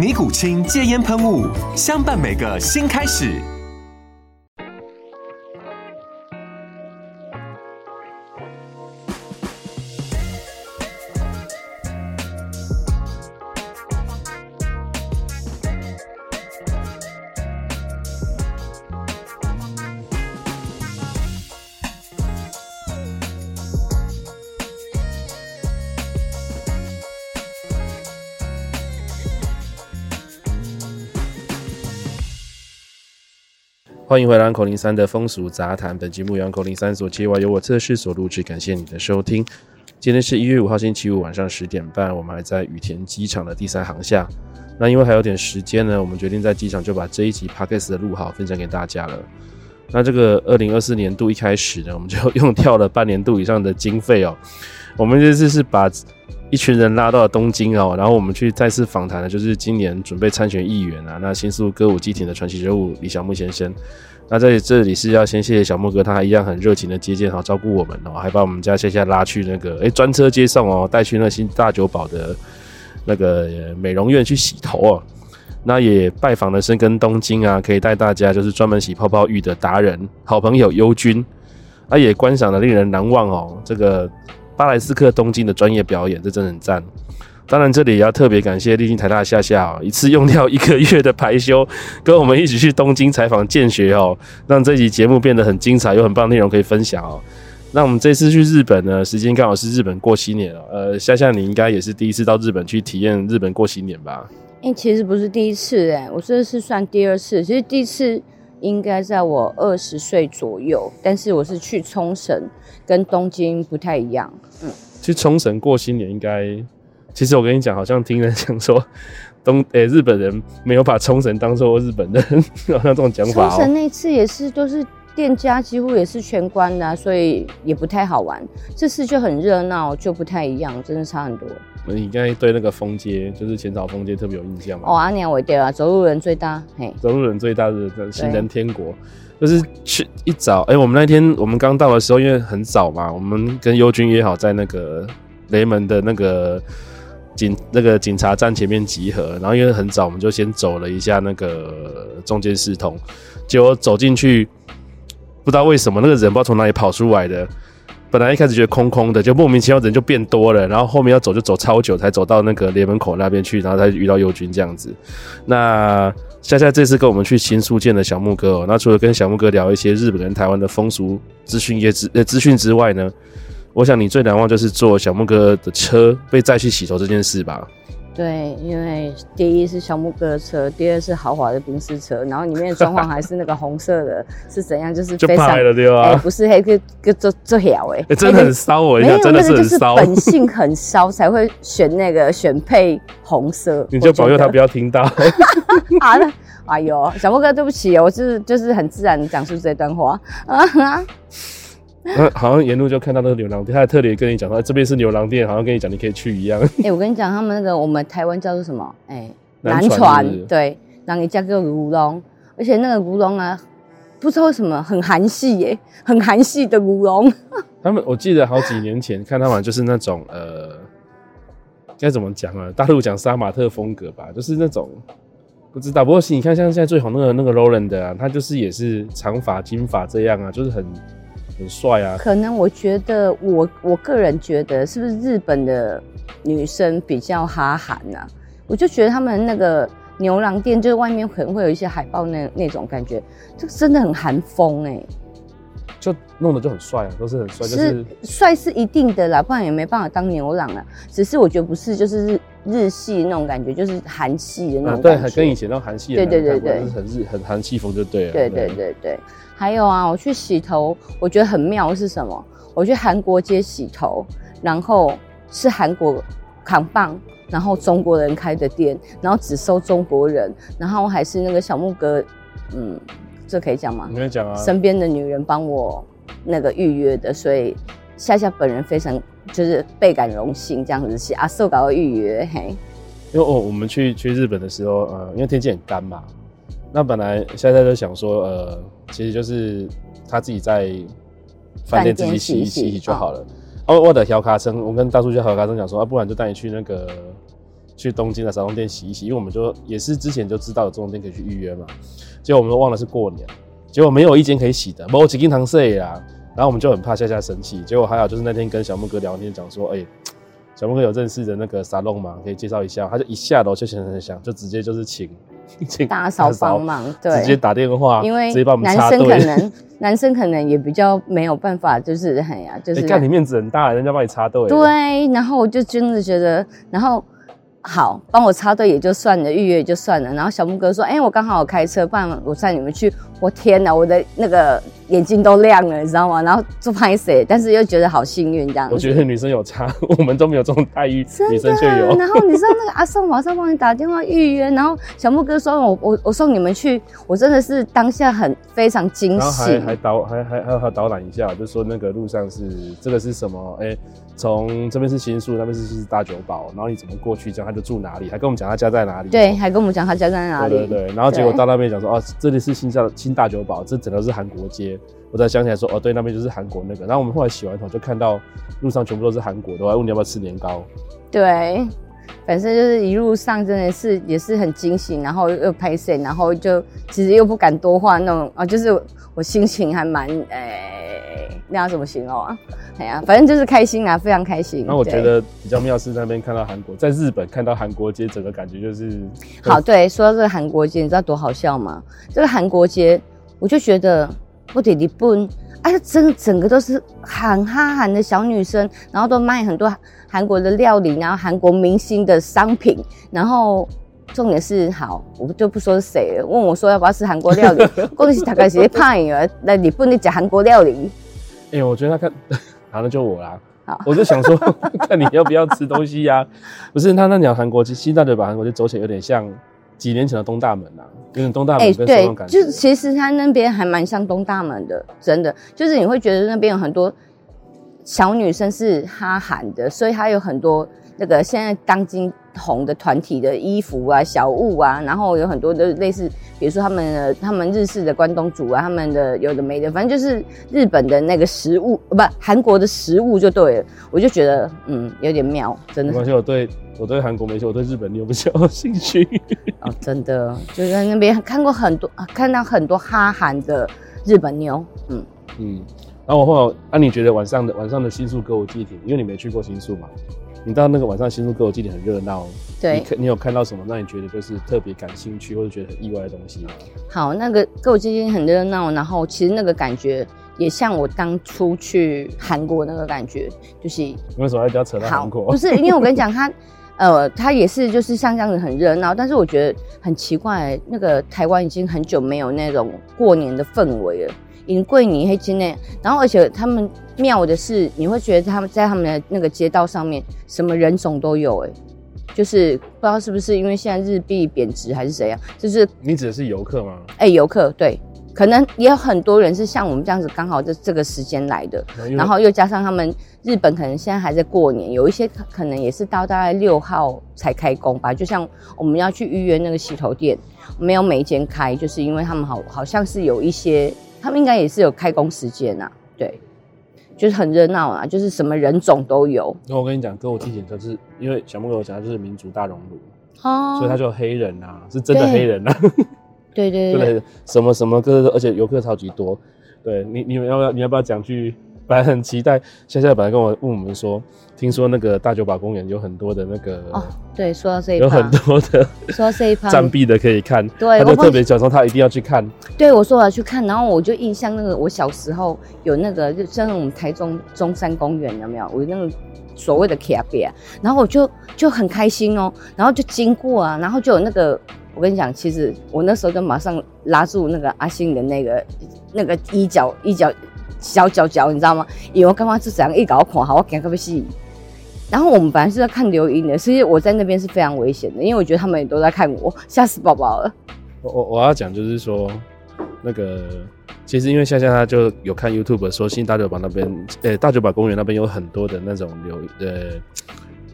尼古清戒煙噴霧，相伴每個新開始。歡迎回來，Uncle03 的風俗雜談。本節目由 Uncle03 所策劃，由我策士所錄製，感謝你的收聽。今天是一月五號，星期五晚上十點半，我們還在羽田機場的第三航廈。那因為還有點時間呢，我們決定在機場就把這一集 podcast 的錄好，分享給大家了。那這個二零二四年度一開始呢，我們就用掉了半年度以上的經費哦。我們這次是把一群人拉到了東京哦，然後我們去再次訪談的就是今年準備參選議員啊，那新宿歌舞伎町的傳奇人物李小牧先生。那在這裡是要先謝謝小牧哥，他一樣很熱情的接見、哦，好照顧我們哦，還把我們家夏夏拉去那個誒專、欸、車接送哦，帶去那新大久保的那個美容院去洗頭哦、啊。那也拜訪了深耕東京啊，可以帶大家就是專門洗泡泡浴的達人好朋友優君，啊也觀賞的令人難忘哦這個。巴雷斯克東京的專業表演，這真的很贊。當然，這裡也要特別感謝儷晶台大的夏夏哦，一次用掉一個月的排休，跟我們一起去東京採訪見學哦、喔，讓這集節目變得很精彩，有很棒內容可以分享哦、喔。那我們這次去日本呢，時間剛好是日本過新年、喔、呃，夏夏，你應該也是第一次到日本去體驗日本過新年吧？哎、欸，其實不是第一次、欸、我說的是算第二次。其實第一次。應該在我二十歲左右，但是我是去沖繩，跟東京不太一樣。嗯，去沖繩過新年應該，其實我跟你講，好像聽人講說，東誒、欸、日本人沒有把沖繩當做日本人，好像這種講法喔。沖繩那次也是都是。店家幾乎也是全關的，啊，所以也不太好玩，這次就很熱鬧，就不太一樣，真的差很多。嗯，你應該對那個封街，就是淺草封街，特別有印象吧？哦，阿娘，我點了。走路人最大，嘿，走路人最大的行人天國，對就是去一早。哎、欸，我們那天我們剛到的時候，因為很早嘛，我們跟優君約好在那個雷門的那個警那個警察站前面集合。然後因為很早，我們就先走了一下那個中間系通，結果走進去，不知道為什麼那個人不知道從哪裡跑出來的，本來一開始覺得空空的，就莫名其妙人就變多了，然後後面要走就走超久才走到那個聯門口那邊去，然後才遇到優君這樣子。那夏夏這次跟我們去新宿見的小木哥，哦，那除了跟小木哥聊一些日本跟台灣的風俗資訊也資呃資訊之外呢，我想你最難忘就是坐小木哥的車被載去洗頭這件事吧。對，因為第一是小木哥的車，第二是豪華的賓士車，然後裡面的裝潢還是那個紅色的， 是怎樣？就是非常就派了對吧？欸、不是，哎，就就聊哎、欸，真的很騷我一下，欸、真的是很騷，那個、本性很騷 才會選那個選配紅色。你就保佑他不要聽到。好 了、 啊，哎呦，小木哥，對不起哦，我、就是就是很自然講述這段話啊。 那 好像沿路就看到那個牛郎店，他還特別跟你講說、欸、這邊是牛郎店，好像跟你講你可以去一樣。哎 欸，我跟你講，他們那個我們台灣叫做什麼？哎、欸，男船，船。對，後的叫做如龍，而且那個如龍啊，不知道為什麼很韓系耶，很韓系、欸、系的如龍。 他們我記得好幾年前看他們就是那種呃，該怎麼講啊？大陸講殺馬特風格吧，就是那種不知道，不過是你看像現在最紅那個那個 Roland 啊，他就是也是長髮金髮這樣啊，就是很。很帥啊！可能我覺得我我個人覺得，是不是日本的女生比較哈韓啊？我就覺得他們那個牛郎店，就是外面可能會有一些海報那，那那種感覺，就真的很韓風哎、欸。就弄得就很帥啊，都是很帥。是帥、就是、是一定的啦，不然也沒辦法當牛郎了、啊。只是我覺得不是，就是日日系那種感覺，就是韓系的那種感覺、嗯、對，跟以前那種韓系的，對對對，對不是很日很韓系風就對了。對對對對。對還有啊，我去洗頭，我覺得很妙是什麼？我去韓國街洗頭，然後是韓國扛棒，然後中國人開的店，然後只收中國人，然後還是那個小木哥，嗯，這可以講嗎？你可以講啊。身邊的女人幫我那個預約的，所以夏夏本人非常就是倍感榮幸這樣子洗啊，受搞預約嘿。因為哦，我們去去日本的時候，呃，因為天氣很乾嘛。那本來夏夏就想說，呃，其實就是他自己在飯店自己洗一洗就好了。洗洗哦，啊、我的調卡生，我跟大叔就小卡生講說，啊，不然就帶你去那個去東京的沙龍店洗一洗，因為我們就也是之前就知道有這種店可以去預約嘛。結果我們都忘了是過年，結果沒有一間可以洗的，某有吉金堂睡呀。然後我們就很怕夏夏生氣，結果還好，就是那天跟小木哥聊完天講說，哎、欸，小木哥有認識的那個沙龍嗎？可以介紹一下。他就一下樓就想想，就直接就是請。大嫂幫忙，大嫂、大嫂幫忙，對、啊，直接打電話，因為男生可能男生可能也比較沒有辦法，就是很呀，欸、就是看、欸、你面子很大，人家幫你插隊。對，然後我就真的覺得，然後好幫我插隊也就算了，預約也就算了。然後小木哥說：“哎、欸，我剛好我開車，不然我載你們去。”我天吶，我的那個眼睛都亮了，你知道嗎？然後做拍攝，但是又覺得好幸運這樣子。我覺得女生有差，我們都沒有這種待遇，啊、女生就有。然後你知道那個阿勝馬上幫你打電話預約，然後小木哥說我我我送你們去，我真的是當下很非常驚喜。然後還還導還還還要導覽一下，就說那個路上是這個是什麼？哎、欸，從這邊是新宿，那邊是是大久保，然後你怎麼過去？這樣他就住哪裡？還跟我們講他家在哪裡？對，麼還跟我們講他家在哪裡？對對，對然後結果到那邊講說對哦，這裡是新宿的。大酒堡，這整個是韓國街，我才想起來說，哦對，那邊就是韓國那個。然後我們後來洗完頭就看到路上全部都是韓國的，我還問你要不要吃年糕，對。本身就是一路上真的是也是很驚喜，然後又拍攝，然後就其實又不敢多話那種啊，就是我心情還蠻誒、欸，那要怎麼形容啊？哎呀、啊，反正就是開心啊，非常開心。那我覺得比較妙是在那邊看到韓國，在日本看到韓國街整個感覺就是好。對，說到這個韓國街，你知道多好笑嗎？這個韓國街，我就覺得不體你不。哎，真、啊、整,整個都是喊哈喊的小女生，然後都賣很多韓國的料理，然後韓國明星的商品，然後重點是好，我就不說是誰了。問我說要不要吃韓國料理，我 說大概怕派了，那 你不能講韓國料理。哎、欸，我覺得他看，好、啊、的就我啦，好我就想說 看你要不要吃東西呀、啊？ 不是他那鳥韓國，新大久保，韓國就走起來有點像幾年前的東大門吶、啊。有點東大門那種感覺、欸、對，就是其實它那邊還蠻像東大門的，真的。就是你會覺得那邊有很多小女生是哈韓的，所以它有很多那個現在當今紅的團體的衣服啊、小物啊，然後有很多的類似，比如說他們的、他們日式的關東煮啊，他們的有的沒的，反正就是日本的那個食物，不，韓國的食物就對了。我就覺得，嗯，有點妙，真的。沒關係，我對我對韓國沒趣，我對日本妞比較有興趣。哦 ，oh, 真的，就在那邊看過很多，看到很多哈韓的日本妞。嗯嗯，然後我後來，那、啊、你覺得晚上的晚上的新宿歌舞伎町，因為你沒去過新宿嘛，你到那個晚上的新宿歌舞伎町很熱鬧、喔。對。你你有看到什麼讓你覺得就是特別感興趣或者覺得很意外的東西嗎？好，那個歌舞伎町很熱鬧，然後其實那個感覺也像我當初去韓國那個感覺，就是你為什麼要比較扯到韓國？不是，因為我跟你講他。它呃，他也是，就是像這樣子很熱鬧，但是我覺得很奇怪、欸，那個台灣已經很久沒有那種過年的氛圍了，迎貴年會進樣。然後而且他們妙的是，你會覺得他們在他們的那個街道上面，什麼人種都有、欸，誒。就是不知道是不是因為現在日幣貶值還是怎樣，就是你指的是遊客嗎？哎、欸，遊客，對。可能也有很多人是像我們這樣子剛這，剛好在這個時間來的，為然後又加上他們日本可能現在還在過年，有一些可能也是到大概六號才開工吧。就像我們要去預約那個洗頭店，沒有每一間開，就是因為他們好好像是有一些，他們應該也是有開工時間吶、啊。對，就是很熱鬧啊，就是什麼人種都有。那我跟你講，歌舞提醒的、就是，因為小木跟我講就是民族大熔爐哦，所以他就黑人啊，是真的黑人啊。對 對，對對對，什麼什麼各，個各個，而且遊客超級多。對你，你們要不要？你要不要講句？本來很期待，笑在本來跟我問我們說，聽說那個大酒堡公園有很多的那個哦，對，說 C 有很多的說 C 盤佔避的可以看，對他就特別講說他一定要去看。我對我說我要去看，然後我就印象那個我小時候有那個，就像我們台中中山公園有沒有？我那種所謂的 K A B，然後我就就很開心哦、喔，然後就經過啊，然後就有那個。我跟你講，其實我那時候就馬上拉住那個阿信的那個那個衣角、衣角小腳腳你知道嗎？以為剛剛是這樣一搞，我看好趕不吸。然後我們本來是在看流鶯的，所以我在那邊是非常危險的，因為我覺得他們也都在看我，嚇死寶寶了。我我我要講就是說，那個其實因為夏夏他就有看 YouTube 說新大久保那邊，誒、欸、大久保公園那邊有很多的那種流。呃。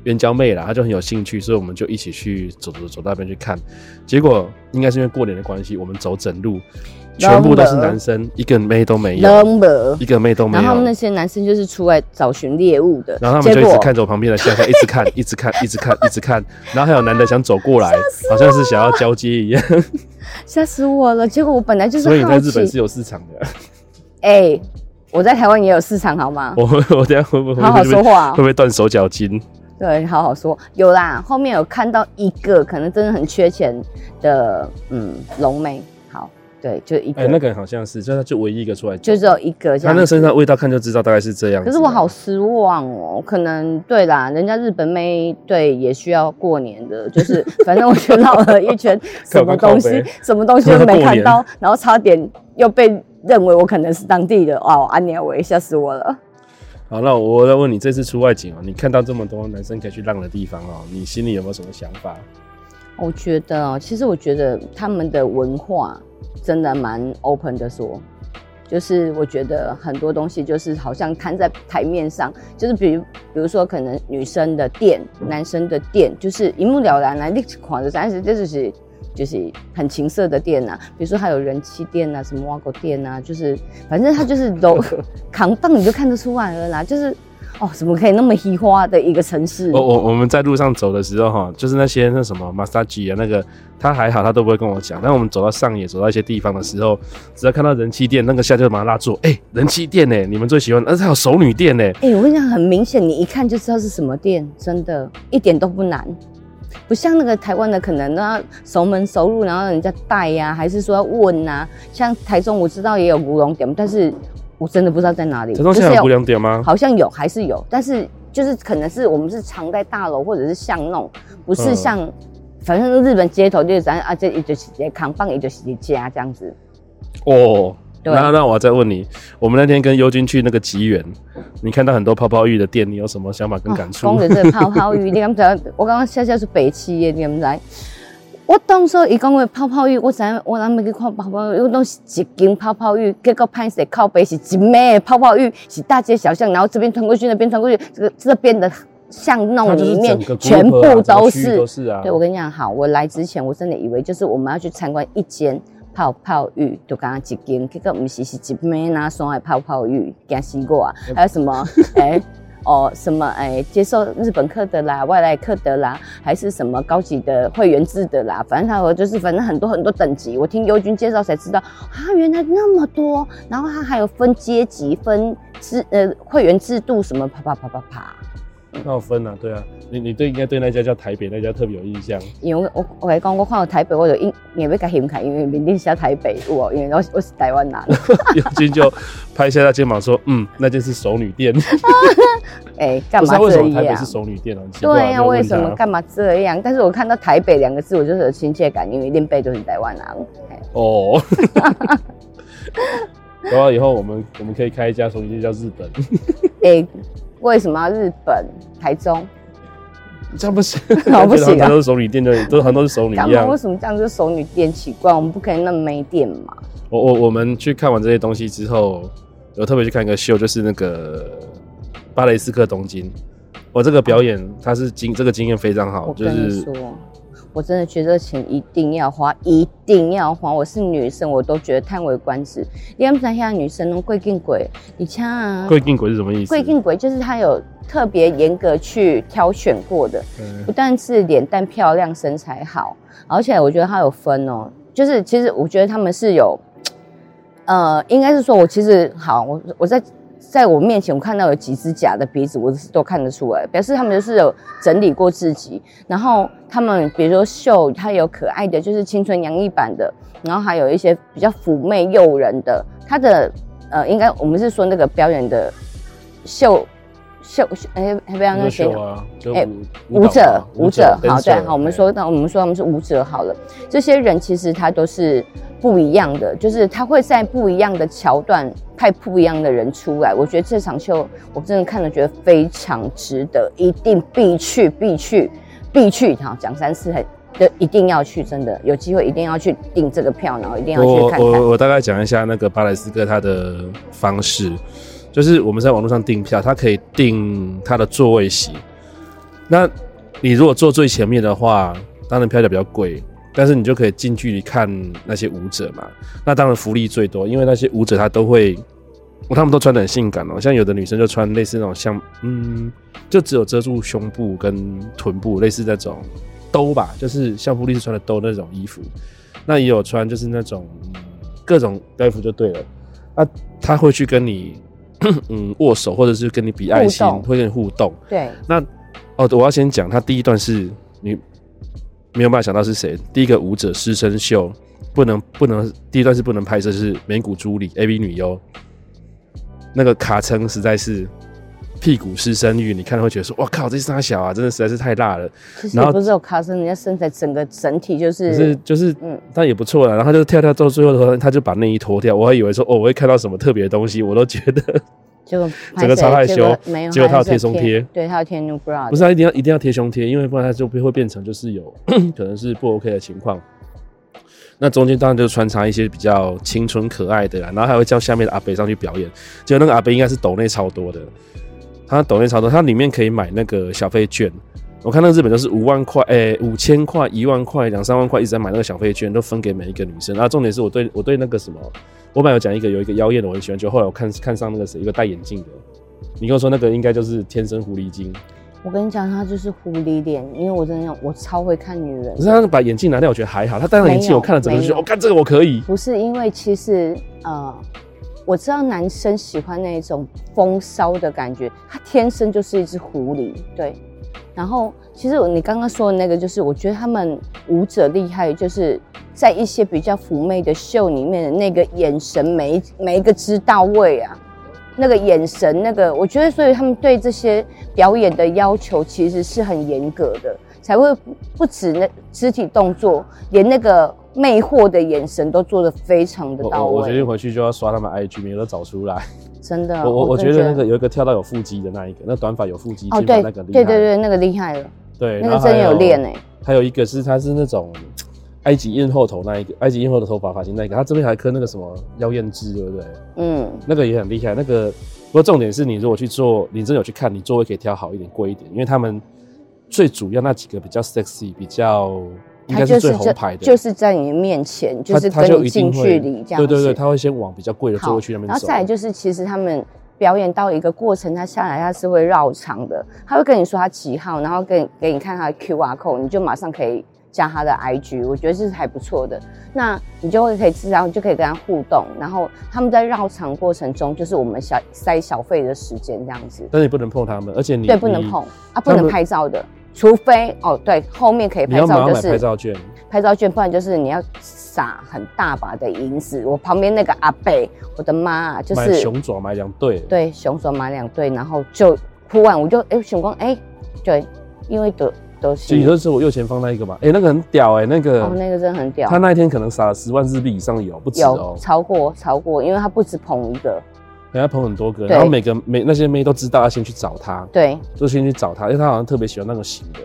援交妹啦，她就很有興趣，所以我們就一起去走走，走到那邊去看。結果應該是因為過年的關係，我們走整路，全部都是男生，一個妹都沒有。Number，一個妹都沒有。然後他們那些男生就是出來找尋獵物的。然後他們就一直看着我旁邊的夏夏， 一直看，一直看，一直看，一直看。 然後還有男的想走過來，好像是想要交接一樣。嚇死我了！結果我本來就是，所以你在日本是有市場的。哎、欸，我在台灣也有市場，好嗎？我我等下會不會好好說話？會不會斷手腳筋？對，好好說。有啦，後面有看到一個，可能真的很缺錢的，嗯，龍妹，好，對，就一個。哎、欸，那個好像是，就他就唯一一個出來，就只有一個。他那個身上的味道看就知道，大概是這樣。可是我好失望哦、喔，可能對啦，人家日本妹對也需要過年的，就是 反正我就繞了一圈，什麼東西，什麼東西都沒看到，然後差點又被認為我可能是當地的，哇啊，阿娘、啊，我也嚇死我了。好，那我再問你，這次出外景哦，你看到這麼多男生可以去浪的地方哦，你心裡有沒有什麼想法？我覺得哦，其實我覺得他們的文化真的蠻 open 的，說，就是我覺得很多東西就是好像攤在台面上，就是比如比如說可能女生的店、男生的店，就是一目了然來立但是這只、就是。就是很情色的店吶、啊，比如說還有人氣店吶、啊，什麼挖狗店吶、啊，就是反正它就是都 扛棒，你就看得出來了啦。就是哦，怎麼可以那麼 h 花的一個城市？哦、我我我們在路上走的時候哈，就是那些那什麼馬殺雞啊那個，他還好他都不會跟我講。但我們走到上野，走到一些地方的時候，只要看到人氣店，那個下就把他拉住，哎、欸，人氣店呢？你們最喜歡，而且還有熟女店呢？哎、欸，我跟你講，很明顯，你一看就知道是什麼店，真的，一點都不難。不像那個台灣的，可能那熟門熟路，然後人家帶呀、啊，還是說要問啊。像台中，我知道也有古龍點，但是我真的不知道在哪裡。台中現在有古龍點嗎？好像有，還是有，但是就是可能是我們是藏在大樓或者是巷弄，不是像，嗯、反正日本街頭就是咱啊，啊，這也就是扛棒，也就是一家這樣子。哦。Oh. 然後對那我再問你，我們那天跟優君去那個吉原，你看到很多泡泡浴的店，你有什麼想法跟感觸？哦、真的是泡泡浴， 你敢不我剛剛笑笑是北七的，你敢不知？我當時一講到泡泡浴，我在我那沒去看泡泡浴，我都是幾間泡泡浴。結果拍攝靠北是幾咩？泡泡浴是大街小巷，然後這邊穿過去，那邊穿過去，這個這邊的巷弄裡面全部、啊啊這個、都是、啊。對，我跟你講好，我來之前我真的以為就是我們要去參觀一間。泡泡浴就剛剛一間，這個唔是是一咩拿雙人泡泡浴，驚死我啊！還有什麼？哎、 欸，哦，什麼？哎、欸，接受日本客的啦，外來客的啦，還是什麼高級的會員制的啦？反正他就是，反正很多很多等級。我聽優君介紹才知道，啊，原來那麼多，然後他還有分階級、分制呃會員制度什麼，啪啪啪啪啪。那有分吶、啊？對啊，你你對應該對那家叫台北那家特別有印象，因為我我來講我看到台北我就應，因為比較喜歡，因為畢竟小台北我，因為我是台灣人。然後優君就拍下他肩膀說，嗯，那家是熟女店。哎、啊，幹、欸、嘛這樣？不是為什麼台北是熟女店啊？啊對呀、啊，啊、為什麼幹嘛這樣？但是我看到台北兩個字我就是有親切感，因為練背就是台灣人。欸、哦。然後 以後我們我們可以開一家熟女店叫日本。對、欸。為什麼要、啊、日本台中？這樣不行，搞 不行、啊。都是熟女店， 都都很多是熟女店。為什麼這樣？就是熟女店奇怪，我們不可以那麼沒店嗎？我我我們去看完這些東西之後，有特別去看一個秀，就是那個巴雷斯克東京。我這個表演，他是經這個經驗非常好，我就是。我真的覺得錢一定要花，一定要花。我是女生，我都覺得嘆為觀止。你們現在女生都貴進鬼，你聽啊？貴進鬼是什麼意思？貴進鬼就是她有特別嚴格去挑選過的，不但是臉蛋漂亮、身材好，對而且我覺得她有分哦、喔。就是其實我覺得他們是有，呃，應該是說我其實好，我我在。在我面前，我看到有幾隻假的鼻子，我都看得出來，表示他們就是有整理過自己。然後他們，比如說秀，他有可愛的，就是青春洋溢版的；然後還有一些比較嫵媚誘人的。他的呃，應該我們是說那個表演的秀。還還、欸、不要那些，哎、欸、舞、蹈舞者，舞者，好，秀對，好，對對我們說，那我們說，他們是舞者，好了，這些人其實他都是不一樣的，就是他會在不一樣的橋段派不一樣的人出來。我覺得這場秀，我真的看了，覺得非常值得，一定必去，必去，必去，好，講三次，就一定要去，真的，有機會一定要去訂這個票，然後一定要去看，看我。我我大概講一下那個巴雷斯克他的方式。就是我們在網絡上訂票，他可以訂他的座位席。那你如果坐最前面的話，當然票價比較貴，但是你就可以近距離看那些舞者嘛。那當然福利最多，因為那些舞者他都會，他們都穿的很性感哦，像有的女生就穿類似那種像，嗯，就只有遮住胸部跟臀部，類似那種兜吧，就是像福利是穿的兜那種衣服。那也有穿就是那種各種衣服就對了。那他會去跟你。 嗯，握手或者是跟你比愛心，動會跟你互動。對，那哦，我要先講，他第一段是你沒有辦法想到是誰。第一個舞者失聲秀，不能不能，第一段是不能拍攝，是美谷朱里 A B 女優，那個卡稱實在是。屁股失生育，你看會覺得說，哇靠，這三小啊，真的實在是太大了。然後不是有卡身，後人家身材整個整體就是，是就是，嗯，但也不錯啦，然後他就是跳跳到最後的時候，他就把內衣脫掉，我還以為說，哦，我會看到什麼特別的東西，我都覺得就果整個超害羞，結果沒有，結果他有貼貼要貼胸貼，對，要貼 new bra，不是他一定要一定要貼胸貼，因為不然他就會變成就是有 可能是不 OK 的情況。那中間當然就穿插一些比較青春可愛的啦，然後還會叫下面的阿北上去表演，結果那個阿北應該是抖內超多的。他抖音操作，他裡面可以買那個小費券。我看那日本都是五萬塊，哎、欸，五千塊、一萬塊、兩三萬塊一直在買那個小費券，都分給每一個女生。然、啊、後重點是我對我對那個什麼，我本來有講一個有一個妖豔的我很喜歡，就後來我看看上那個誰，一個戴眼鏡的。你跟我說那個應該就是天生狐狸精。我跟你講，他就是狐狸臉，因為我真的要我超會看女人。可是他把眼鏡拿掉，我覺得還好。他戴了眼鏡，我看了整個人，我看這個我可以。不是因為其實呃。我知道男生喜歡那種風騷的感覺，他天生就是一隻狐狸。對，然後其實你剛剛說的那個，就是我覺得他們舞者厲害，就是在一些比較嫵媚的秀裡面的那個眼神，每一每一個肢到位啊，那個眼神，那個我覺得，所以他們對這些表演的要求其實是很嚴格的，才會不止那肢體動作，連那個。魅惑的眼神都做得非常的到位。我決定回去就要刷他們 IG，沒有找出來。真的，我我覺得那個有一個跳到有腹肌的那一個，那短髮有腹肌，就對，那個厲害，哦對，對對對，那個厲害了。對，那個真的有練哎、欸。還有一個是他是那種埃及豔後頭那一個，埃及豔後的頭髮髮型那一個，他這邊還刻那個什麼妖豔痣，對不對？嗯，那個也很厲害。那個不過重點是你如果去做，你真的有去看，你座位可以挑好一點、貴一點，因為他們最主要那幾個比較 sexy，比較。他就是這就是在你面前，就是跟你近距離這樣子。對對對，他會先往比較貴的座位區走。然後再來就是，其實他們表演到一個過程，他下來他是會繞場的，他會跟你說他幾號，然後給給你看他的 Q R code，你就馬上可以加他的 I G，我覺得這是還不錯的。那你就會可以知道，就可以跟他互動。然後他們在繞場過程中，就是我們小塞小費的時間這樣子。但是你不能碰他們，而且你對你不能碰啊，不能拍照的。除非哦，對，後面可以拍照，就是要買要買拍照券，拍照券，不然就是你要撒很大把的銀子。我旁邊那個阿伯，我的媽、啊、就是買熊爪買兩對，對，對熊爪買兩對，然後就鋪完，我就哎，熊光哎，對，因為都都是，你說是我右前方那一個吧？哎、欸，那個很屌哎、欸，那個哦，那個真的很屌，他那一天可能撒了十萬日幣以上有，不止哦、有超過超過，因為他不止捧一個。可能要捧很多歌，對然後每個每那些妹都知道，要先去找他，對，就先去找他，因為他好像特別喜歡那個型的。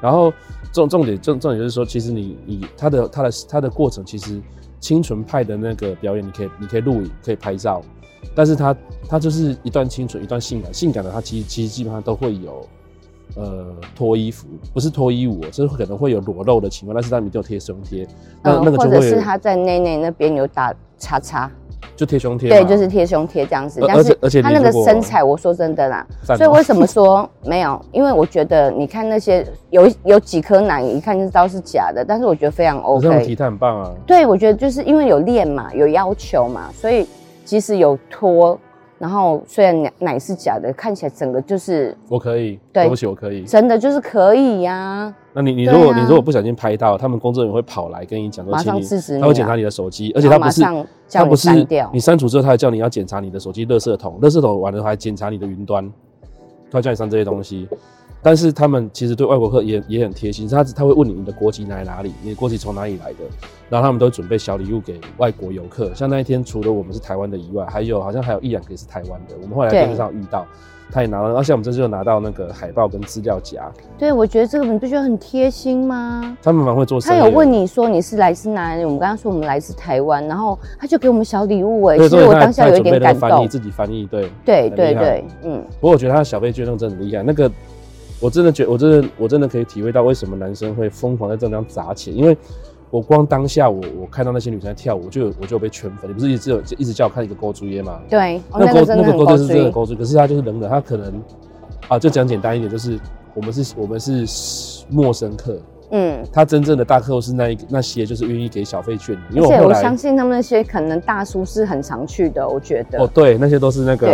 然後重重點重重點就是說，其實你你他的他的他的過程，其實清純派的那個表演你，你可以你可以錄影可以拍照，但是他他就是一段清純一段性感，性感的他其實其實基本上都會有呃脫衣服，不是脫衣舞，就是可能會有裸露的情況，但是他沒有貼胸貼。那、呃、那個就會或者是他在內內那邊有打叉叉。就貼胸貼，對，就是貼胸貼這樣子，而，而且而且他那個身材，我說真的啦，嗎所以為什麼說沒有？因為我覺得你看那些有有幾顆奶，一看就知道是假的，但是我覺得非常 OK，這樣體態很棒啊。對，我覺得就是因為有練嘛，有要求嘛，所以即使有脫，然後雖然奶是假的，看起來整個就是我可以，對，對不起，我可以，真的就是可以呀，啊。那你你如果，啊，你如果不小心拍到，他們工作人員會跑來跟你講，馬上制止你，啊，他會檢查你的手機，而且他不是。但不是你刪，你刪除之後，他還叫你要檢查你的手機垃圾桶，垃圾桶完了還檢查你的雲端，他叫你刪這些東西。但是他們其實對外國客也也很貼心，他他會問你你的國籍來哪裡，你的國籍從哪裡來的，然後他們都準備小禮物給外國遊客。像那一天除了我們是台灣的以外，還有好像還有一兩個是台灣的，我們後來在路上遇到。他也拿了，而且我們這次又拿到那個海報跟資料夾。對，我覺得這個你不覺得很貼心嗎？他們蠻會做事。他有問你說你是來自哪裡？我們剛剛說我們來自台灣，然後他就給我們小禮物哎、欸，所以我當下有一點感動。你自己翻譯，對，對對對，嗯。對對對，嗯，不過我覺得他的小費捐贈真的很厲害，那個我真的覺得，我真的我真的可以體會到為什麼男生會瘋狂在這張砸錢，因為。我光當下我我看到那些女生在跳舞，就就我就，有我就有被圈粉。你不是一直有一直叫我看一個勾珠耶嗎？對、那個哦，那個勾那個勾就是這個勾珠，可是它就是冷的。它可能啊、呃，就講簡單一點，就是我們是我們是陌生客，嗯，他真正的大客戶是那一那些就是願意給小費券。因為而且我相信他們那些可能大叔是很常去的，我覺得。哦，對，那些都是那個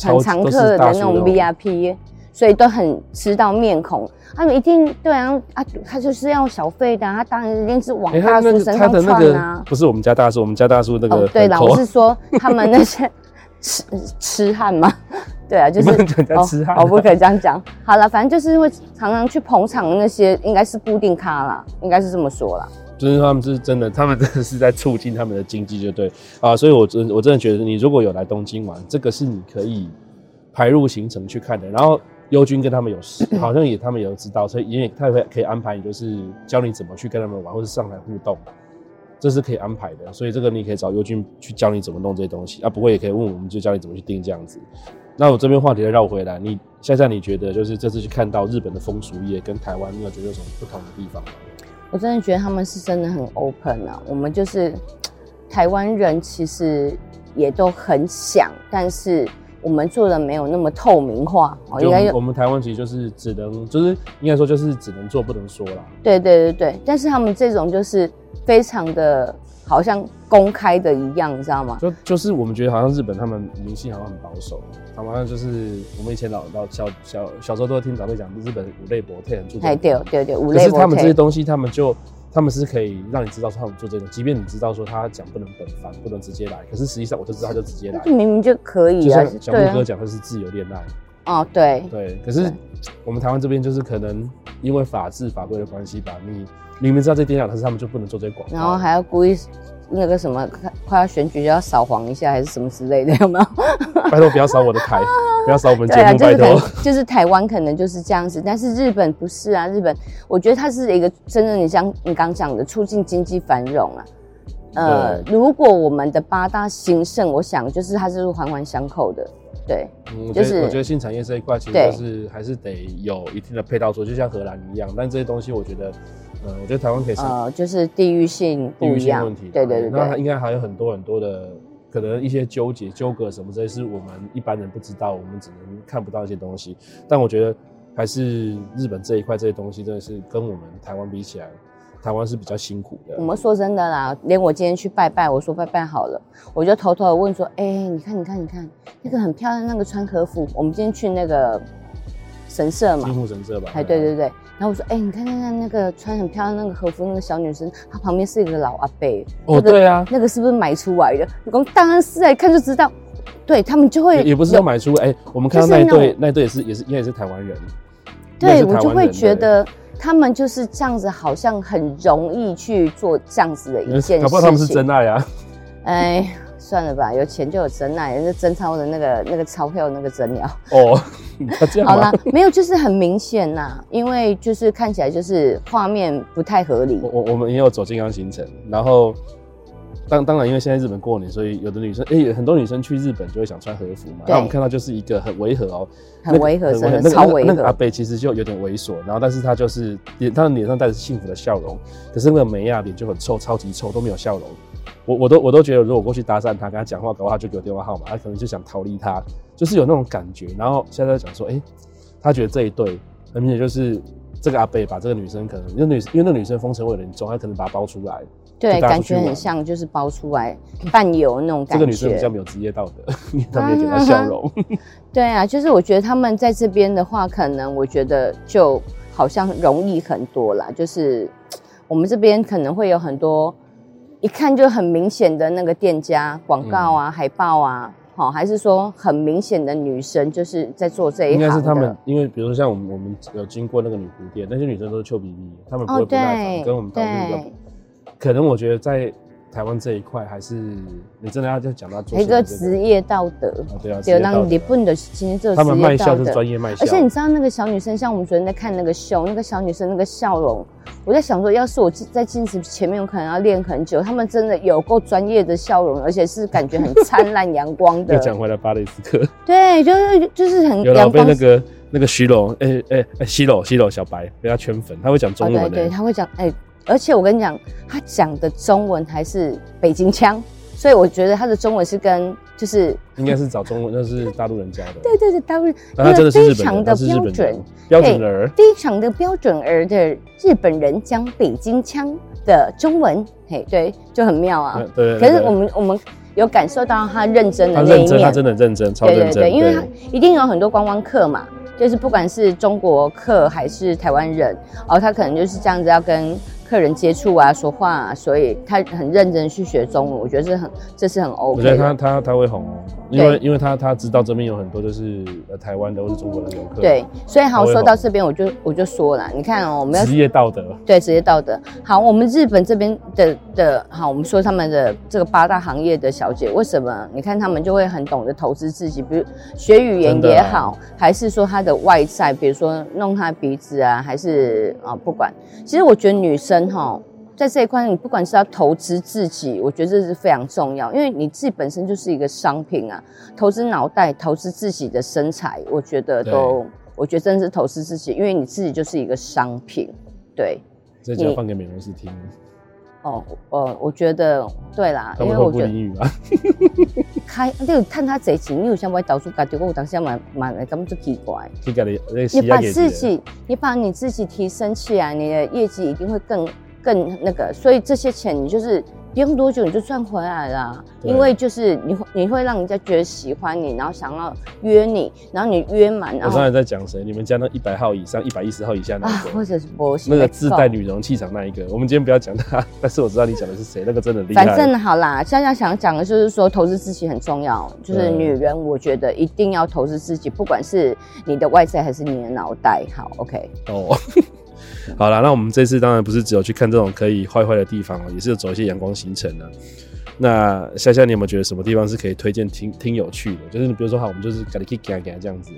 很常客的，的那種 VIP，所以都很知道面孔。他們一定對啊，啊他就是要小費的、啊，他當然一定是往大叔、欸他那個、身上穿啊他的、那個。不是我們家大叔，我們家大叔那個、哦。對啦 我是說他們那些癡癡漢嘛，對啊，就是、啊、哦，我不可以這樣講。好了，反正就是會常常去捧場的那些，應該是固定咖啦，應該是這麼說啦。就是他們是真的，他們真的是在促進他們的經濟，就對啊。所以我真，我真的覺得你如果有來東京玩，這個是你可以排入行程去看的。然後。優君跟他們有，好像也他們有知道，所以也他也會可以安排，就是教你怎麼去跟他們玩，或者上台互動，這是可以安排的。所以這個你可以找優君去教你怎麼弄這些東西啊。不過也可以問我們，就教你怎麼去訂這樣子。那我這邊話題再繞回來，你夏夏你覺得就是這次去看到日本的風俗業跟台灣，你有覺得有什麼不同的地方嗎？我真的覺得他們是真的很 open 啊。我們就是台灣人，其實也都很想，但是。我們做的沒有那麼透明化，因為我，我們台灣其實就是只能，就是應該說就是只能做不能說啦。對對對對，但是他們這種就是非常的，好像公開的一樣，你知道嗎？就就是我們覺得好像日本他們明星好像很保守，好像就是我們以前老老小小小時候都會聽長輩講，日本五類博特很出名。哎，對對對，五類博特。可是他們這些東西，他們就。他們是可以讓你知道說他們做這種，即便你知道說他講不能本番，不能直接來，可是實際上我就知道他就直接來，這明明就可以了。就像小明哥講，他是自由戀愛。對哦，對。對，可是我們台灣這邊就是可能因為法治法規的關係吧，你明明知道這點講，可是他們就不能做這廣告，然後還要故意。那個什麼快要選舉要掃黃一下還是什麼之類的，有沒有？拜託不要掃我的台， 不要掃我們節目，啊、拜託託。 就是台灣可能就是這樣子，但是日本不是啊，日本我覺得它是一個真的，你像你剛講的促進經濟繁榮啊。呃，對如果我們的八大興盛，我想就是它是環環相扣的。對，嗯，就是我覺得性產業這一塊其實就是對還是得有一定的配套，做，就像荷蘭一樣，但這些東西我覺得。嗯，我覺得台灣可以。呃，就是地域性，地域性問題。對，對對對。那它應該還有很多很多的，可能一些糾結、糾葛什麼之類，是我們一般人不知道，我們只能看不到一些東西。但我覺得，還是日本這一塊這些東西，真的是跟我們台灣比起來，台灣是比較辛苦的。我們說真的啦，連我今天去拜拜，我說拜拜好了，我就偷偷的問說：“哎、欸，你看，你看，你看，那個很漂亮，那個穿和服，我們今天去那個神社嘛，今戶神社吧。”哎，對對對。然後我說，哎、欸，你看看看那個穿很漂亮那個和服那個小女生，她旁邊是一個老阿伯。哦，那個、對啊，那個是不是買出來的？我說當然是來看就知道，對他們就會也不是要買出，哎、欸，我們看到那對那對也是也是應該也是台灣人。對，我就會覺得他們就是這樣子，好像很容易去做這樣子的一件事，嗯。搞不好他們是真愛啊。哎、欸，算了吧，有錢就有真愛，人家真鈔的那個那個鈔票那個真了哦。Oh. 好啦，沒有，就是很明顯吶， 因為就是看起來就是畫面不太合理。我我，我們也有走健康行程，然後當當然，因為現在日本過年，所以有的女生，哎、欸，很多女生去日本就會想穿和服嘛。那對我們看到就是一個很違和哦、喔，很違和，超違和，那個。那個阿伯其實就有點猥瑣，然後但是他就是臉，他的臉上帶着幸福的笑容，可是那個梅亞臉就很臭，超級臭，都沒有笑容。我我都我都覺得，如果我過去搭訕他，跟他講話的話，搞不好他就給我電話號碼，他可能就想逃離他。就是有那種感覺，然後現在在講說，哎、欸，他覺得這一對很明顯就是這個阿伯把這個女生可能，因為女因為那個女生風塵味有點重，他可能把他包出來，對，感覺很像就是包出來伴遊那種感覺。這個女生比較沒有職業道德，沒有 給她笑容。Uh huh. 對啊，就是我覺得他們在這邊的話，可能我覺得就好像容易很多啦，就是我們這邊可能會有很多一看就很明顯的那個店家廣告啊、嗯、海報啊。好，還是說很明顯的女生就是在做這一行的，應該是他們，因為比如說像我們，我們有經過那個女僕店，那些女生都是臭屁屁，她們不會、哦、跟我們到那個，對可能我覺得在。台灣這一塊還是你真的要就講到一個職業道德，對，對，對，對啊，有那個你不你的今天做。他們賣笑是專業賣笑，而且你知道那個小女生，像我們昨天在看那個秀，那個小女生那個笑容，我在想說，要是我在鏡子前面，我可能要練很久。他們真的有夠專業的笑容，而且是感覺很燦爛陽光的。講 回來巴黎，巴雷斯克，對，就是就是很陽光，被那個那個徐龍，哎哎哎，西羅西羅小白被他圈粉，他會講中文的、欸哦，他會講哎。欸而且我跟你講，他講的中文還是北京腔，所以我覺得他的中文是跟就是應該是找中文， 那是大陸人家的，對對對，大陸，那個是非常的標準，標準兒，非常的標準兒的日本人講北京腔的中文，嘿，對，就很妙啊。對對對，可是我們我們有感受到他認真的那一面，他真,他真的認真，超認真，對對對，因為他一定有很多觀光客嘛，就是不管是中國客還是台灣人，哦，他可能就是這樣子要跟。客人接觸啊，說話，啊，所以他很認真去學中文。我覺得這很，這是很 OK 的。我覺得他他他，他會紅哦。因為對因為他他知道這邊有很多就是台灣的或是中國的遊客，對，所以好，好說到這邊我就我就說了，你看哦、喔，我們要職業道德，對職業道德。好，我們日本這邊的的，好，我們說他們的這個八大行業的小姐，為什麼？你看他們就會很懂得投資自己，比如學語言也好，啊、還是說她的外在，比如說弄她鼻子啊，還是啊、喔、不管。其實我覺得女生哈、喔。在這一塊，你不管是要投資自己，我覺得這是非常重要，因為你自己本身就是一個商品啊。投資腦袋，投資自己的身材，我覺得都，對我覺得真的是投資自己，因為你自己就是一個商品。對，這就放你給美容師聽哦、呃。我覺得對啦，因為我覺得他那個看他業績，因為想我到處搞，結果我當時蠻就那麼，麼，麼奇怪。你把自己，你把自己，你把你自己提升起來，啊、你的業績一定會更。更那個，所以這些錢你就是不用多久你就賺回來了，對因為就是你你會讓人家覺得喜歡你，然後想要約你，然後你約滿。我剛才在講誰？你們家那一百號以上，一百一十號以下那個，啊，或者是波西。那個自帶女容氣場那一個。我們今天不要講他，但是我知道你講的是誰，那個真的厲害。反正好啦，現在想講的就是說投資自己很重要，就是女人我覺得一定要投資自己，不管是你的外在還是你的腦袋。好，OK。哦。 好了，那我們這次當然不是只有去看這種可以壞壞的地方哦、喔，也是有走一些陽光行程的、啊。那夏夏，你有沒有覺得什麼地方是可以推薦挺挺有趣的？就是你比如說，哈，我們就是搞點 K 歌 K 歌這樣子。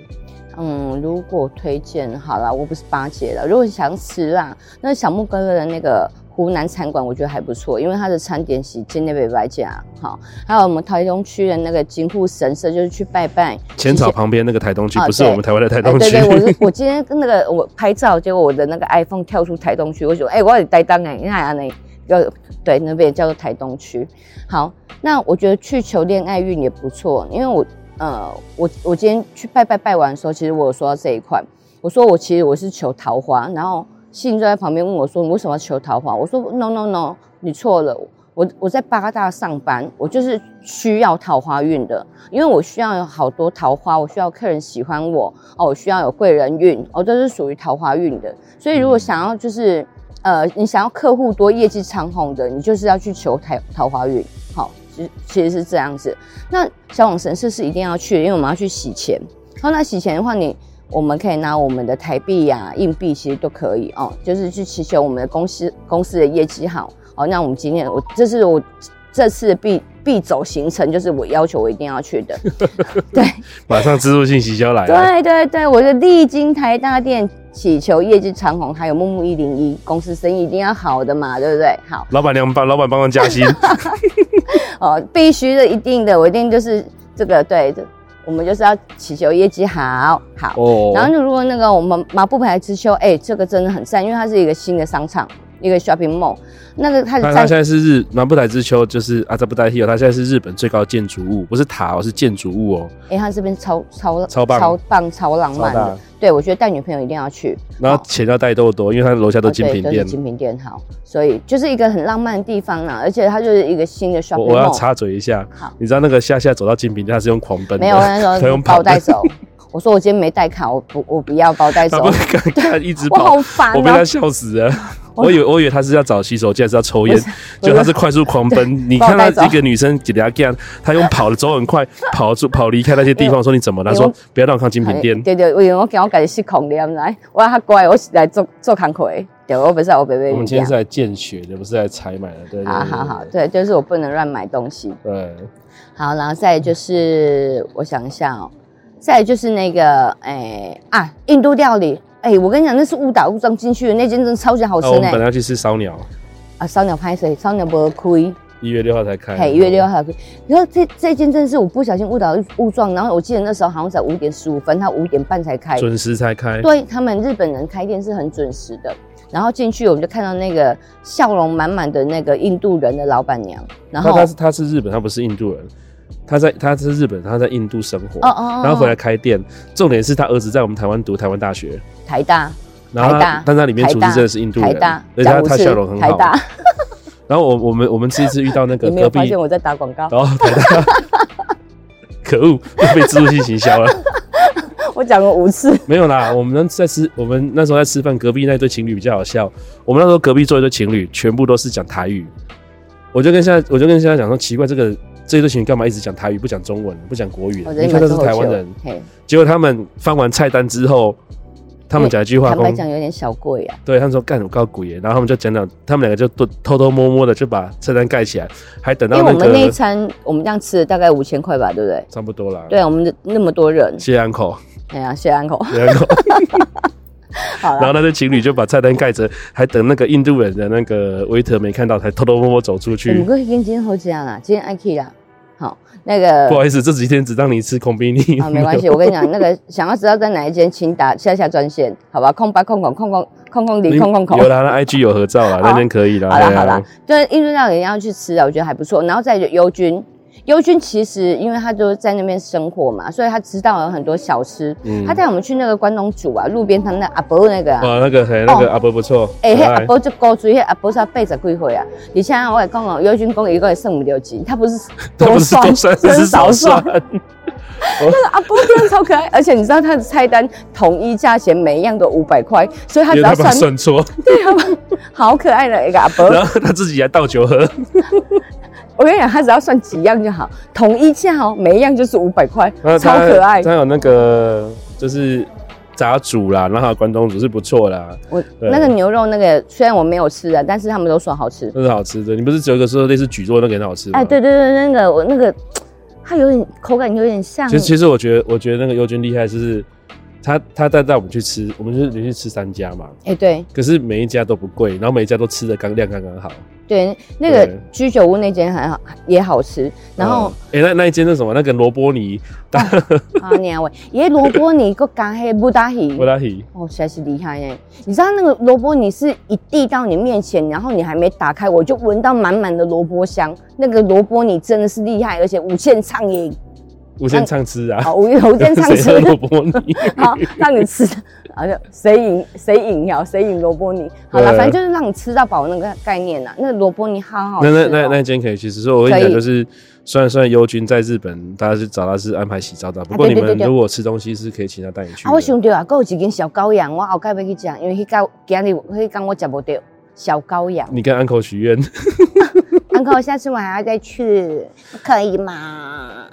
嗯，如果推薦好了，我不是八姐了。如果你想吃啦，那小木哥哥的那個。湖南餐館我覺得還不錯，因為它的餐點是金那邊擺架好。還有我們台東區的那個今戶神社，就是去拜拜淺草旁邊那個台東區，啊、不是我們台灣的台東區。我我今天跟那個我拍照，結果我的那個 iPhone 跳出台東區，我說哎、欸，我到底在當哎？那哪裡有？對，那邊也叫做台東區。好，那我覺得去求戀愛運也不錯，因為我呃，我我今天去拜拜拜完的時候，其實我有說到這一塊，我說我其實我是求桃花，然後。信就在旁邊問我，說：“你為什麼要求桃花？”我說：“No No No，你錯了。我我在八大上班，我就是需要桃花運的，因為我需要有好多桃花，我需要客人喜歡我哦，我需要有貴人運，我、哦、都是屬於桃花運的。所以如果想要就是呃，你想要客戶多、業績長紅的，你就是要去求桃桃花運。好，其實其實是這樣子。那小網神社是一定要去，因為我們要去洗錢。好、哦，那洗錢的話，你。”我們可以拿我們的台幣啊、硬幣，其實都可以哦。就是去祈求我們的公司公司的業績好。哦，那我們今天我這是我這次必必走行程，就是我要求我一定要去的。 對，馬上置入性行銷就要來了。 對對對，我就儷晶台大店祈求業績長紅，還有沐莯101公司生意一定要好的嘛，對不對？好，老闆娘幫老闆幫忙加薪。 哦，必須的，一定的，我一定就是這個對。我們就是要祈求業績好，好、oh. 然後就如果那個我們麻布台之秋，哎、欸，這個真的很讚，因為它是一個新的商場，一個 a l l 那個它那它現在是日麻布台之秋，就是阿扎布代替丘，它現在是日本最高建築物，不是塔，而是建築物哦、喔。哎、欸，它這邊超超超棒，超棒，超浪漫的。對，我覺得帶女朋友一定要去，然後錢要帶多多，好因為他樓下都精品店，哦，就是、精品店，好，所以就是一個很浪漫的地方啊，而且它就是一個新的 shopping mall 我要插嘴一下，好，你知道那個夏夏走到精品店，他是用狂奔，沒有，她用包帶走。 我說我今天沒帶卡，我不，我不要包帶走。他對一直跑，我好煩、喔，我被他笑死了。我以為，我以為他是要找洗手間，還是要抽煙？是是就他是快速狂奔。對你看，那一個女生給人家他用跑的，走很快， 跑出跑離開那些地方，為說你怎麼了？他說不要讓我看精品店。對對，我以為我跟我覺是空的，來，我他過來，我來做做倉庫。對，我不是來我被被。我們今天是在見學的，不是在採買的。對、對、對、對、對。好、啊、好好，對，就是我不能亂買東西。對。好，然後再來就是我想一下哦、喔，再來就是那個誒、欸、啊，印度料理。哎、欸，我跟你講，那是誤打誤撞進去的那間，真的超級好吃，欸啊、我們本來要去吃燒鳥。啊，燒鳥拍誰？燒鳥不會虧。一月六號才開。嘿，一月六號才開。然後好這這間真的是我不小心誤打誤撞，然後我記得那時候好像才五點十五分，他五點半才開，準時才開。對他們日本人開店是很準時的。然後進去我們就看到那個笑容滿滿的那個印度人的老闆娘。然後他，他是他是日本，他不是印度人。他在，他是日本，他在印度生活，哦哦，然後回來開店。重點是他兒子在我們台灣讀台灣大學，台大，台大，然後他，但他裡面主廚真的是印度人，台大，對，他，他笑容很好，台大。然後我們我們，我們這一次遇到那個，隔壁，有沒有發現我在打廣告？哦， 可惡，被置入性行銷了。我講過五次，沒有啦。我們在吃，我們那時候在吃飯，隔壁那對情侶比較好笑。我們那時候隔壁坐一對情侶，全部都是講台語。我就跟夏夏，我就跟夏夏講說，奇怪這個。這對情侶幹嘛一直講台語，不講中文，不講國語？因為都是台灣人。嘿結果他們翻完菜單之後，他們講一句話：“坦白講有點小貴啊。對”對他們說：“幹什麼高貴。”然後他們就講講，他們兩個就偷偷摸摸的就把菜單蓋起來，還等到、那個、因為我們那一餐我們這樣吃了大概五千塊吧，對不對？差不多啦。對，我們那麼多人，謝、謝 Uncle。哎呀、啊，謝 Uncle，謝 Uncle。好。 然後那對情侶就把菜單蓋着， 還等那個印度人的那個 waiter 沒看到，才偷偷摸摸走出去。五個已經今天好幾樣了，今天愛去了那個不好意思，這幾天只讓你吃 Combini。啊，沒關係， 我跟你講，那個想要知道在哪一間，請打下下專線，好吧？空八空空空空空空離空空空。有啦，那 I G 有合照啦， 那邊可以啦。好啦好啦，就印度料理要去吃啊，我覺得還不錯。然後再優君。優君其實，因為他都在那邊生活嘛，所以他知道有很多小吃。嗯、他帶我們去那個關東煮啊，路邊攤那阿伯那個啊、哦，那個還那個阿伯不錯。哎，阿伯就高嘴，阿伯,阿伯說說他背着貴婦啊。而且我講講，優君講一個月省五六千，他不是多他不是多算，只、哦、 是少算。那個阿伯真的超可愛，而且你知道他的菜單統一價錢，每一樣都五百塊，所以他只要他他算。算錯對啊，好可愛的一、那個阿伯然後他自己還倒酒喝。 我跟你講，它只要算幾樣就好，統一價、喔、每一樣就是五百塊，超可愛。它有那個就是雜煮啦，然後還有關東煮是不錯啦。我對那個牛肉那個雖然我沒有吃的、啊，但是他們都說好吃，那是好吃的。你不是只有一個說類似蒟蒻那個很好吃哎，欸、對對對，那個我那個它有點口感有點像。其實其實我覺得我覺得那個優君厲害、就是。他他帶帶我們去吃，我們是連續吃三家嘛。哎，對。可是每一家都不貴，然後每一家都吃的剛量剛剛好。對，那個居酒屋那間很好，也好吃。然後哎、嗯欸，那那一間是什麼？那個蘿蔔泥。啊，娘味，打、 啊，耶、啊！蘿蔔泥個干黑不大希。不大希。哦，實在是厲害耶。你知道那個蘿蔔泥是一遞到你面前，然後你還沒打開，我就聞到滿滿的蘿蔔香。那個蘿蔔泥真的是厲害，而且無限暢飲。無限暢吃啊！好、嗯，我我無限暢吃。蘿蔔泥？ 好，讓你吃的。好誰贏誰贏啊，就誰贏誰贏呀？誰贏蘿蔔泥？好了，反正就是讓你吃到飽那個概念吶、啊。那蘿蔔泥好好吃、喔那。那那那那間可以去吃，其實以我跟你講，就是算算優君在日本，以大家是找他是安排洗澡的，的不過你們如果吃東西是可以請他帶你去。啊，我想着啊，哥有一間小羔羊，我後蓋要去講，因為那家今日那家我吃不到小羔羊。你跟 uncle 許願 、啊。uncle，下次我們還要再去， 可以嗎？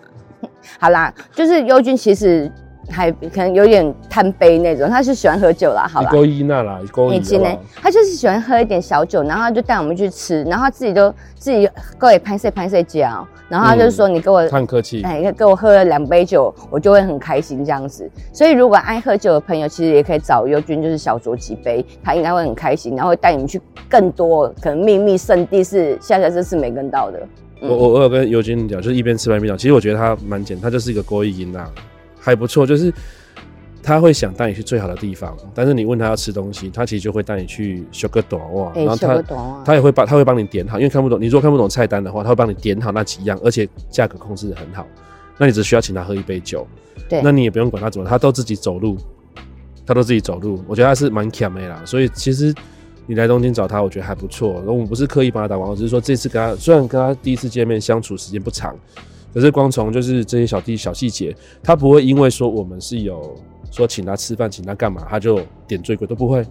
好啦，就是優君其實還可能有點貪杯那種，他是喜歡喝酒啦，好啦。高一,一那啦，以前呢，他就是喜歡喝一點小酒，然後他就帶我們去吃，然後他自己就自己過來拍攝拍攝這樣，然後他就說你給我，太、嗯、客氣，哎、欸，給我喝了兩杯酒，我就會很開心這樣子。所以如果愛喝酒的朋友，其實也可以找優君，就是小酌幾杯，他應該會很開心，然後帶你們去更多可能秘密聖地是，是夏夏這次沒跟到的。我我我有跟優君聊，就是一邊吃完一邊聊。其實我覺得他蠻簡，他就是一個高意音吶，還不錯。就是他會想帶你去最好的地方，但是你問他要吃東西，他其實就會帶你去修個朵、欸、然後他他也會幫他會幫你點好，因為看不懂。你如果看不懂菜單的話，他會幫你點好那幾樣，而且價格控制的很好。那你只需要請他喝一杯酒，對那你也不用管他怎麼，他都自己走路，他都自己走路。我覺得他是蠻諂媚啦，所以其實。你來東京找他，我覺得還不錯。然後我們不是刻意幫他打廣告，只是說這次跟他，雖然跟他第一次見面相處時間不長，可是光從就是這些小弟小細節，他不會因為說我們是有說請他吃飯，請他幹嘛，他就點最貴，都不會。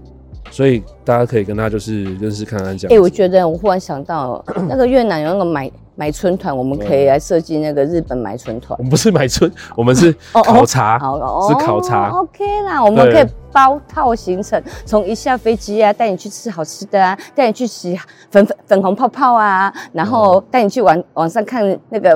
所以大家可以跟他就是認識看看這樣。哎、欸，我覺得我忽然想到， 那個越南有那個買買春團，我們可以來設計那個日本買春團。對我們不是買春，我們是考察，哦哦是考察，哦。OK 啦，對我們可以包套行程，從一下飛機啊，帶你去吃好吃的啊，帶你去洗粉粉粉紅泡泡啊，然後帶你去玩，晚上看那個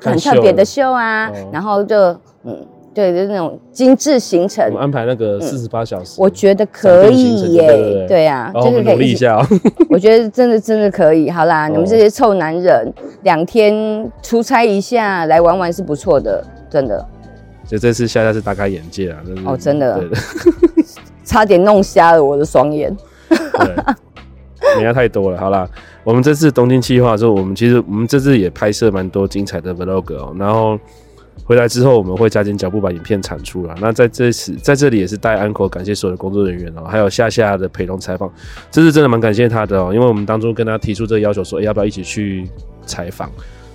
很特別的秀啊，秀哦，然後就嗯。對，就是那種精致行程，安排那個四十八小時、嗯，我覺得可以耶，對呀，我們努力一下、哦， 我覺得真的真的可以。好啦，你們這些臭男人，兩、哦、天出差一下來玩玩是不錯的，真的。所以這次夏夏是打開眼界啊。的、就是、哦，真的，的 差點弄瞎了我的雙眼，人 太多了。好啦，我們這次東京計劃的時候，我們其實我們這次也拍攝蠻多精彩的 vlog，、喔、然後。回來之後，我們會加緊腳步把影片產出來。那在這次在這裡也是代安 e 感謝所有的工作人員哦、喔，還有夏夏的陪同採訪，這是真的蠻感謝他的哦、喔。因為我們當初跟他提出這個要求說，欸、要不要一起去採訪？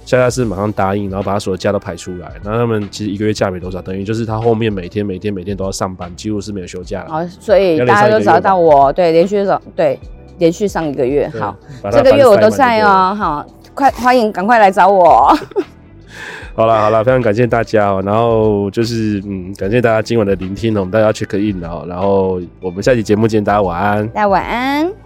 夏夏是馬上答應，然後把他所有假都排出來。那他們其實一個月假沒多少等於，等於就是他後面每天每天每天都要上班，幾乎是沒有休假的。好，所以大家都找到我，吧對，連續上對連續上一個月，好，個這個月我都在哦、喔，好，快歡迎，趕快來找我。 好了好了，非常感謝大家哦、喔。然後就是嗯，感謝大家今晚的聆聽哦。我們大家要 check in 哦、喔，然後我們下期節目見。大家晚安，大家晚安。